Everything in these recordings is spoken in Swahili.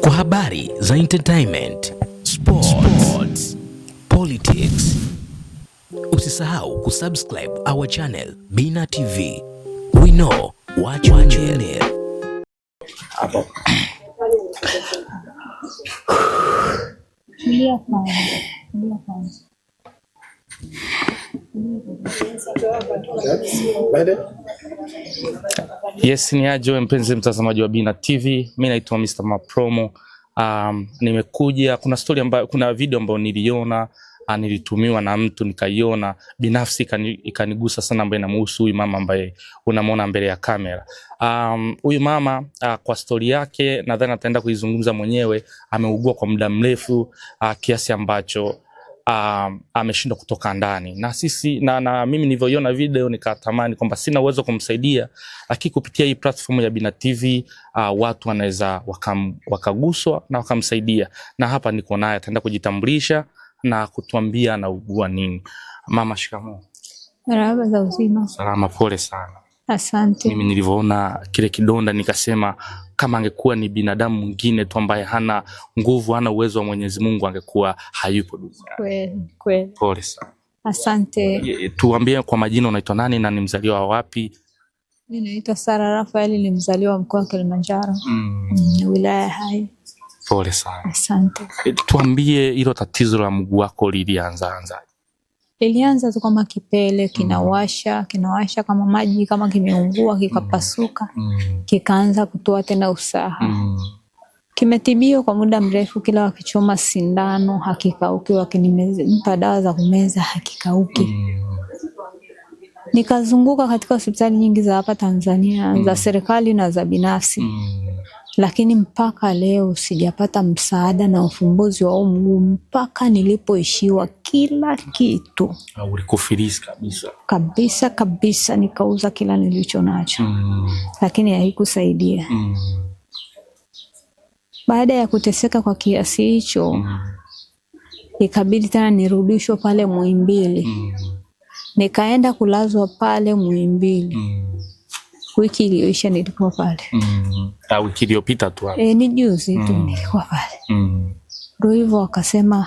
Kwa habari za entertainment, sports, sports, politics, usisahau kusubscribe our channel Bina TV. We know what you need. Yes, ni aje mpenzi mtazamaji wa Bina TV. Mimi naitwa Mr. Mapromo. Um, nimekuja kuna story ambayo, kuna video ambayo niliona uh, nilitumiwa na mtu nikaiona binafsi ikanigusa sana, ambaye inamhusu huyu mama ambaye unamwona mbele ya kamera. Um, huyu mama uh, kwa stori yake nadhani ataenda kuizungumza mwenyewe. Ameugua kwa muda mrefu uh, kiasi ambacho um, ameshindwa kutoka ndani na sisi na, na mimi nilivyoiona video nikatamani kwamba sina uwezo kumsaidia, lakini kupitia hii platform ya Bina TV uh, watu wanaweza wakaguswa na wakamsaidia, na hapa niko naye ataenda kujitambulisha na kutuambia anaugua nini. Mama, shikamoo. Marahaba za uzima. Salama, pole sana. Asante. Mimi nilivyoona kile kidonda nikasema kama angekuwa ni binadamu mwingine tu ambaye hana nguvu, hana uwezo wa Mwenyezi Mungu angekuwa hayupo duniani. Kweli kweli. Pole sana. Asante. Tuambie kwa majina, unaitwa nani na ni mzaliwa wapi? Mimi naitwa Sara Rafael ni mzaliwa wa mkoa wa Kilimanjaro, mm. Mm, wilaya ya Hai. Pole sana. Asante. Eh, tuambie hilo tatizo la mguu wako lilianzaanzaje? ilianza tu kama kipele mm-hmm. kinawasha kinawasha kama maji, kama kimeungua mm-hmm. kikapasuka, mm-hmm. kikaanza kutoa tena usaha. Kimetibiwa kwa muda mrefu, kila wakichoma sindano hakikauki, wakinimpa dawa za kumeza hakikauki. Nikazunguka katika hospitali nyingi za hapa Tanzania, za serikali na za binafsi, lakini mpaka leo sijapata msaada na ufumbuzi wa huu mguu mpaka nilipoishiwa kila kitu kabisa. kabisa kabisa, nikauza kila nilicho nacho mm. Lakini haikusaidia mm. Baada ya kuteseka kwa kiasi hicho mm. Ikabidi tena nirudishwe pale Muhimbili mm. Nikaenda kulazwa pale Muhimbili mm. Wiki iliyoisha nilikuwa pale mm. Ah, wiki iliyopita tu e, ni juzi tu mm. nilikuwa pale mm. Ndo hivyo wakasema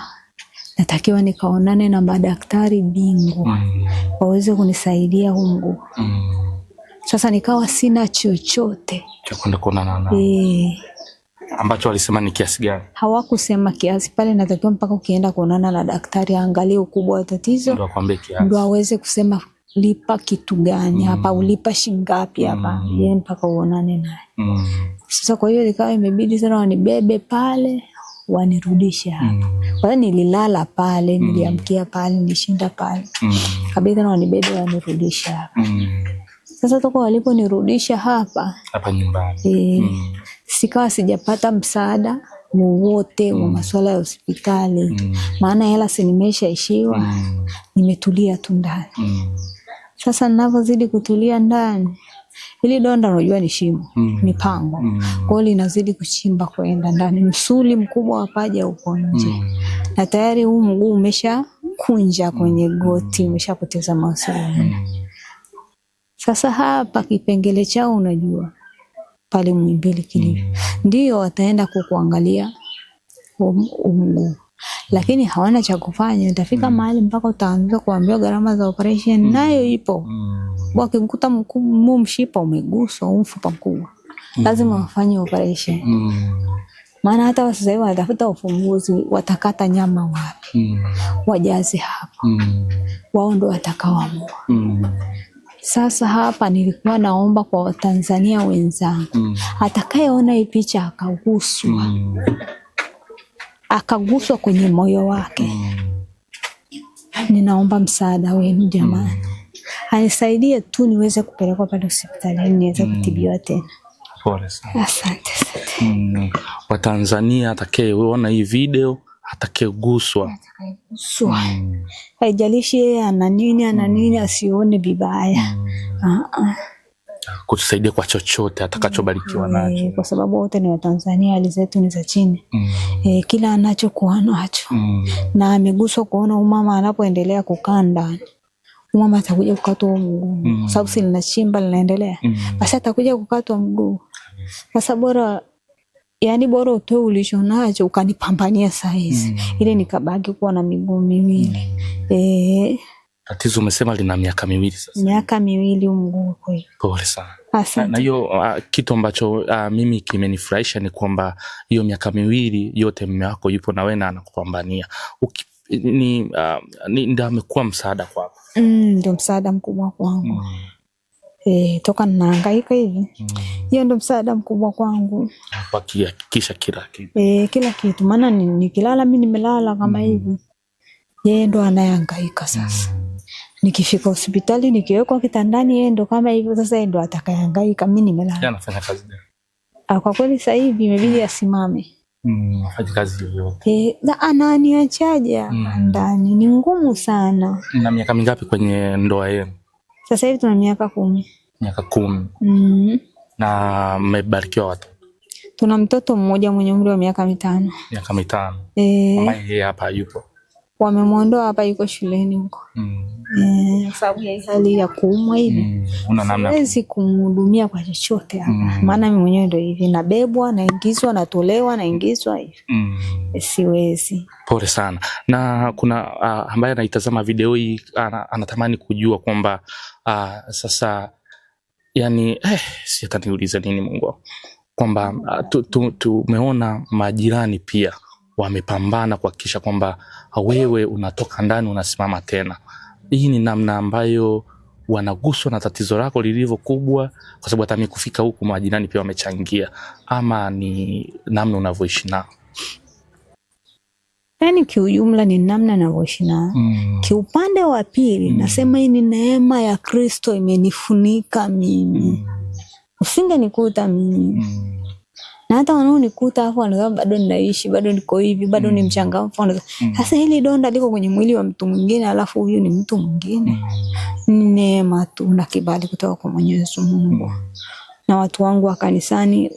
natakiwa nikaonane na madaktari bingwa mm. waweze kunisaidia huu mguu mm. Sasa nikawa sina chochote cha kwenda kuonana eh. ambacho walisema ni kiasi gani? Hawakusema kiasi pale, natakiwa mpaka ukienda kuonana na daktari aangalie ukubwa wa tatizo ndio aweze kusema lipa kitu gani hapa, mm. ulipa shingapi hapa, mm. yeye mpaka uonane naye mm. Sasa kwa hiyo ikawa imebidi sana wanibebe pale wanirudishe hapa. Mm. Kwa hiyo nililala pale, mm. niliamkia pale, nilishinda pale mm. kabisa, na wanibebe wanirudishe hapa. Sasa toka waliponirudisha hapa hapa nyumbani e, mm. sikawa sijapata msaada wowote mm. wa masuala ya hospitali mm. maana hela si nimeshaishiwa mm. nimetulia tu ndani mm. Sasa ninavyozidi kutulia ndani Hili donda unajua ni shimo, mm. ni pango. Mm. Kwa hiyo linazidi kuchimba kwenda ndani. Msuli mkubwa wa paja uko nje. Mm. Na tayari huu mguu umesha kunja kwenye mm. goti, umeshapoteza mawasiliano. Mm. Sasa hapa kipengele chao unajua pale mwimbili kilivyo. Mm. Ndio wataenda kukuangalia huu mguu lakini hawana cha kufanya. Itafika mm. mahali mpaka utaanza kuambiwa gharama za operation mm. nayo ipo mm. wakikuta mu mshipa umeguswa au mfupa mkubwa mm. lazima wafanye operation mm. maana hata sasa hivi wanatafuta ufumbuzi, watakata nyama wapi? mm. wajaze hapo mm. wao ndio watakaoamua mm. Sasa hapa nilikuwa naomba kwa Watanzania wenzangu mm. atakayeona hii picha akaguswa mm akaguswa kwenye moyo wake. Ninaomba msaada wenu jamani, anisaidie tu niweze kupelekwa pale hospitalini niweze mm. kutibiwa tena. Asante. Mm. Watanzania atakayeona hii video atakeguswa, mm. haijalishi yeye ana nini, ana mm. nini, asione vibaya. mm. Ah, ah kutusaidia kwa chochote atakachobarikiwa mm, nacho, kwa sababu wote ni Watanzania, hali zetu ni za chini mm. E, kila anachokuwa nacho mm. na ameguswa kuona umama anapoendelea kukaa ndani umama atakuja kukatwa mguu mm. sababu si linachimba linaendelea mm. basi atakuja kukatwa mguu sasa, bora yani, bora utoe ulisho nacho ukanipambania sahizi mm. ili nikabaki kuwa na miguu miwili mm. e, Tatizo umesema lina miaka miwili sasa. Miaka miwili mguu kweli. Pole sana. Asante. Na hiyo uh, kitu ambacho uh, mimi kimenifurahisha ni kwamba hiyo miaka miwili yote mume wako yupo na wewe na anakupambania. Ni, uh, ni ndio amekuwa msaada kwako. Mm, ndio msaada mkubwa kwangu. Mm. Eh, toka ninahangaika hivi. Mm. Hiyo mm. ndio msaada mkubwa kwangu. Kwa kuhakikisha kila kitu. Eh, kila kitu maana nikilala mimi nimelala kama mm. hivi. Yeye ndo anayehangaika sasa. Mm. Nikifika hospitali nikiwekwa kitandani, yeye ndo kama hivyo sasa, yeye ndo atakayangaika, mimi nimelala. Anafanya kazi gani? Ah, kwa kweli sasa hivi imebidi asimame. Mm, afanye kazi Eh, na ananiachaje mm. ndani ni ngumu sana. Na miaka mingapi kwenye ndoa yenu? Sasa hivi tuna miaka kumi. Miaka kumi. Mm. Na mmebarikiwa watoto? Tuna mtoto mmoja mwenye umri wa miaka mitano. Miaka mitano. Eh. Mama yeye hapa yupo wamemwondoa hapa, yuko shuleni huko mm. E, sababu ya hali ya kuumwa hivi mm. una namna, siwezi kumhudumia kwa chochote hapa, mm. maana mm. mimi mwenyewe ndio hivi, nabebwa naingizwa, natolewa naingizwa hivi mm. Eh, siwezi. Pole sana. Na kuna uh, ambaye anaitazama video hii ana, anatamani kujua kwamba uh, sasa yani eh, si ataniuliza nini Mungu kwamba uh, ah, tumeona tu, tu, majirani pia wamepambana kuhakikisha kwamba wewe unatoka ndani unasimama tena. Hii ni namna ambayo wanaguswa na tatizo lako lilivyo kubwa, kwa sababu hata mimi kufika huku majirani pia wamechangia, ama ni namna unavyoishi nao. Yani kiujumla ni namna navyoishi nao mm. Kiupande wa pili mm. Nasema hii ni neema ya Kristo imenifunika mimi mm. Usingenikuta mimi mm na hata wanaonikuta hapo wanasema bado ninaishi, bado niko hivi, bado mm. ni mchangamfu. Mm. Sasa hili donda liko kwenye mwili wa mtu mwingine, alafu huyu ni mtu mwingine. Mm. Neema tu na kibali kutoka kwa Mwenyezi Mungu. Mm. Na watu wangu wa kanisani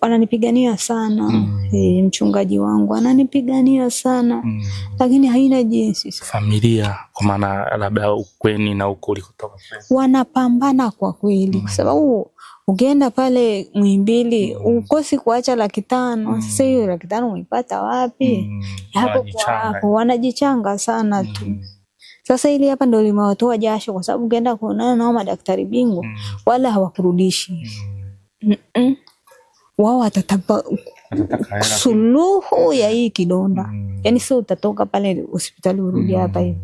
wananipigania sana. Mm. E, mchungaji wangu ananipigania sana. Mm. Lakini haina jinsi. Familia kwa maana labda ukweni na uko ulikotoka. Wanapambana kwa kweli mm. kwa sababu Ukienda pale Muhimbili mm. ukosi kuacha laki tano mm. Sasa hiyo laki tano umeipata wapi? mm. hapo kwa hapo wanajichanga sana mm. tu mm. Sasa hili hapa ndo limewatoa jasho, kwa sababu ukienda kuonana nao madaktari bingwa mm. wala hawakurudishi mm -mm. -mm. wao watataka suluhu ya hii kidonda mm. Yani sio utatoka pale hospitali urudi mm. hapa hivi,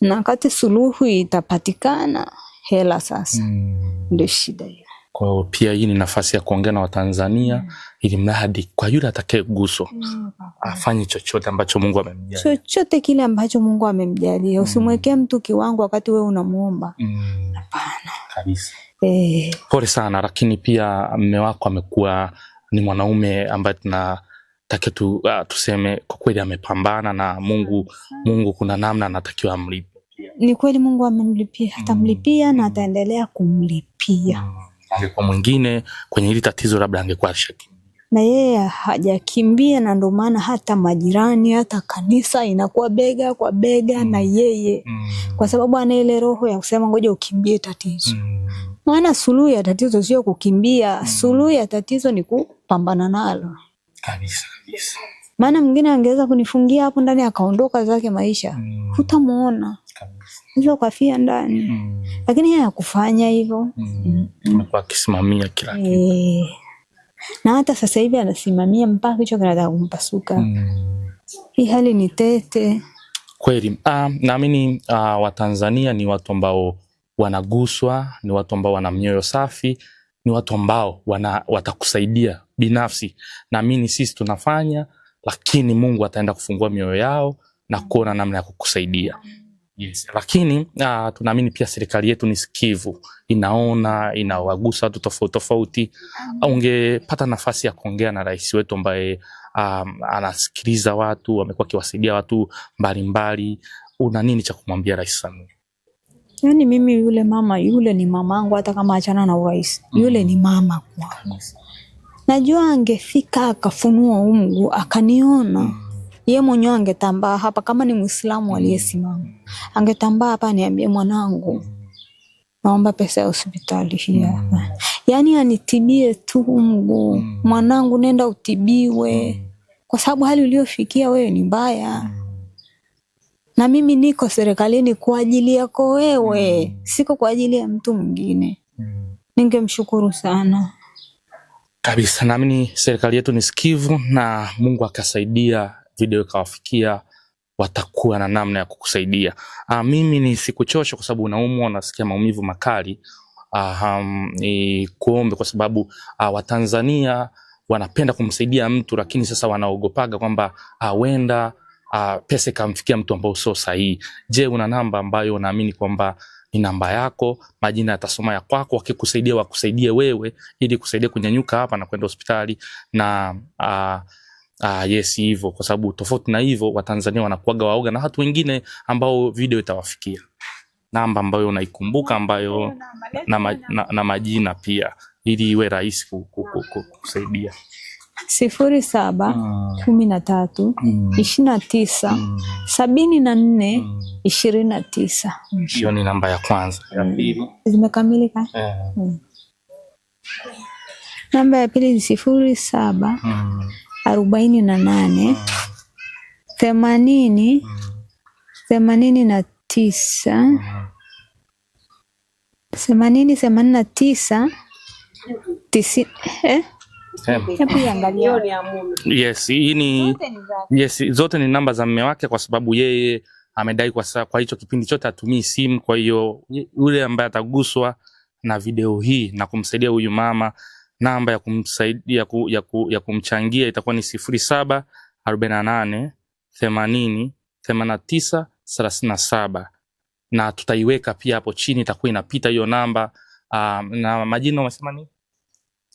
na wakati suluhu itapatikana hela sasa mm. ndio shida hiyo. Kwa hiyo pia hii ni nafasi ya kuongea na Watanzania mm. ili mradi kwa yule atakayeguswa mm. afanye chochote ambacho Mungu amemjalia, chochote kile ambacho Mungu amemjalia. Mm. Usimwekee mtu kiwango wakati wewe unamuomba. Mm. Hapana kabisa. Eh. Pole sana, lakini pia mme wako amekuwa ni mwanaume ambaye tuna take tu, uh, tuseme kwa kweli amepambana na Mungu. Mungu kuna namna anatakiwa amlipe. Ni kweli Mungu amemlipia, atamlipia mm. na ataendelea kumlipia mm angekuwa mwingine kwenye hili tatizo, labda angekuwa alishakimbia. Na yeye hajakimbia, na ndio maana hata majirani, hata kanisa inakuwa bega kwa bega mm. na yeye mm. kwa sababu ana ile roho ya kusema ngoja ukimbie tatizo mm. maana suluhu ya tatizo sio kukimbia mm. suluhu ya tatizo ni kupambana nalo kabisa kabisa. Maana mwingine angeweza kunifungia hapo ndani akaondoka zake maisha. Mm. Hutamuona. hizo Kafia ndani. Mm. Lakini yeye hakufanya hivyo. Mm. Mm. Akisimamia kila kitu. E. Na hata sasa hivi anasimamia mpaka kichwa kinataka kumpasuka. Mm. Hii hali ni tete. Kweli. Uh, naamini uh, Watanzania ni watu ambao wanaguswa, ni watu ambao wana mioyo safi, ni watu ambao wana watakusaidia binafsi. Naamini sisi tunafanya lakini Mungu ataenda kufungua mioyo yao na kuona namna ya kukusaidia. Yes. Lakini uh, tunaamini pia serikali yetu ni sikivu, inaona, inawagusa watu tofauti tofauti. Ungepata nafasi ya kuongea na rais wetu ambaye um, anasikiliza watu, amekuwa akiwasaidia watu mbalimbali, una nini cha kumwambia Rais Samia? Yaani mimi yule mama yule ni mamangu, hata kama achana na urais yule mm. ni mama kwangu. Najua angefika akafunua huu mguu akaniona mm. ye mwenyewe angetambaa hapa, kama ni Mwislamu aliyesimama angetambaa hapa, aniambie mwanangu, naomba pesa ya hospitali hii hapa, mm. yaani anitibie tu mguu, mm. mwanangu, nenda utibiwe, kwa sababu hali uliofikia wewe ni mbaya, na mimi niko serikalini kwa ajili yako wewe, siko kwa ajili ya mtu mwingine. Ningemshukuru sana kabisa. Naamini serikali yetu ni sikivu, na Mungu akasaidia video ikawafikia watakuwa na namna ya kukusaidia. Uh, mimi ni sikuchosha kwa sababu unaumwa, unasikia maumivu makali. Uh, um, ni kuombe kwa sababu uh, Watanzania wanapenda kumsaidia mtu, lakini sasa wanaogopaga kwamba huenda uh, uh, pesa ikamfikia mtu ambao sio sahihi. Je, una namba ambayo unaamini kwamba ni namba yako, majina yatasoma ya kwako, wakikusaidia wakusaidie wewe, ili kusaidia kunyanyuka hapa na kwenda hospitali na uh, Ah, yes hivyo, kwa sababu tofauti na hivyo Watanzania wanakuaga waoga na watu wengine ambao video itawafikia. Namba ambayo unaikumbuka ambayo na, ma, na, na majina pia, ili iwe rahisi kusaidia. sifuri saba mm. kumi na tatu mm. ishirini na tisa mm. sabini na nne ishirini na tisa. Hiyo ni namba ya kwanza. Ya pili zimekamilika. Eh. Hmm. Namba ya pili ni sifuri saba hmm. arobaini na nane hmm. themanini themanini na tisa themanini themanini na tisa tisini eh? Yes, hii ni yes, zote ni namba za mume wake kwa sababu yeye amedai kwa sasa, kwa hicho kipindi chote atumii simu. Kwa hiyo yule ambaye ataguswa na video hii na kumsaidia huyu mama, namba ya kumsaidia ya, ku, ya, ku, ya kumchangia itakuwa ni sifuri saba arobaini na nane themanini themanini na tisa thelathini na saba na tutaiweka pia hapo chini, itakuwa inapita hiyo namba. Um, na majina umesema ni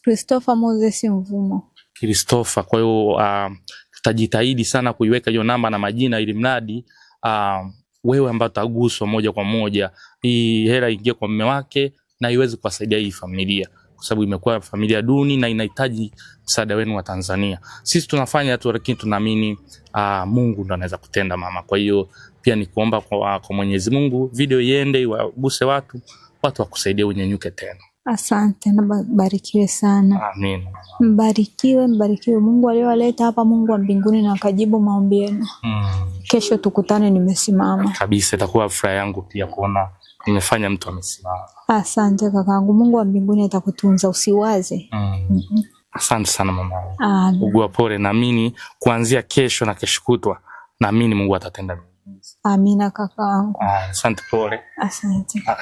Christopher Moses Mvumo Christopher. Kwa hiyo um, tutajitahidi sana kuiweka hiyo namba na majina, ili mradi um, wewe ambaye utaguswa moja kwa moja, hii hela ingie kwa mume wake na iweze kuwasaidia hii familia kwa sababu imekuwa familia duni na inahitaji msaada wenu wa Tanzania. Sisi tunafanya tu, lakini tunaamini uh, Mungu ndo anaweza kutenda mama. Kwa hiyo pia ni kuomba kwa, kwa Mwenyezi Mungu video iende iwaguse watu, watu wakusaidie, unyanyuke tena. Asante na barikiwe sana. Mbarikiwe, mbarikiwe Mungu aliyowaleta hapa, Mungu wa mbinguni na akajibu maombi yenu. Mm. Kesho tukutane nimesimama. Kabisa itakuwa furaha yangu pia kuona nimefanya mtu amesimama. Asante kakangu, Mungu wa mbinguni atakutunza usiwaze. Mm. Mm -hmm. Asante sana mama. Ugua pole, naamini kuanzia kesho na kesho kutwa naamini Mungu atatenda. Amina kakaangu. Ah, asante pole. Asante. Ah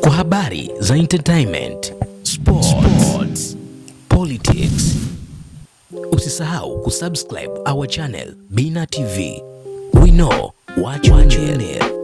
kwa habari za entertainment, sports, sports, politics. Usisahau kusubscribe our channel Bina TV. We know what you need.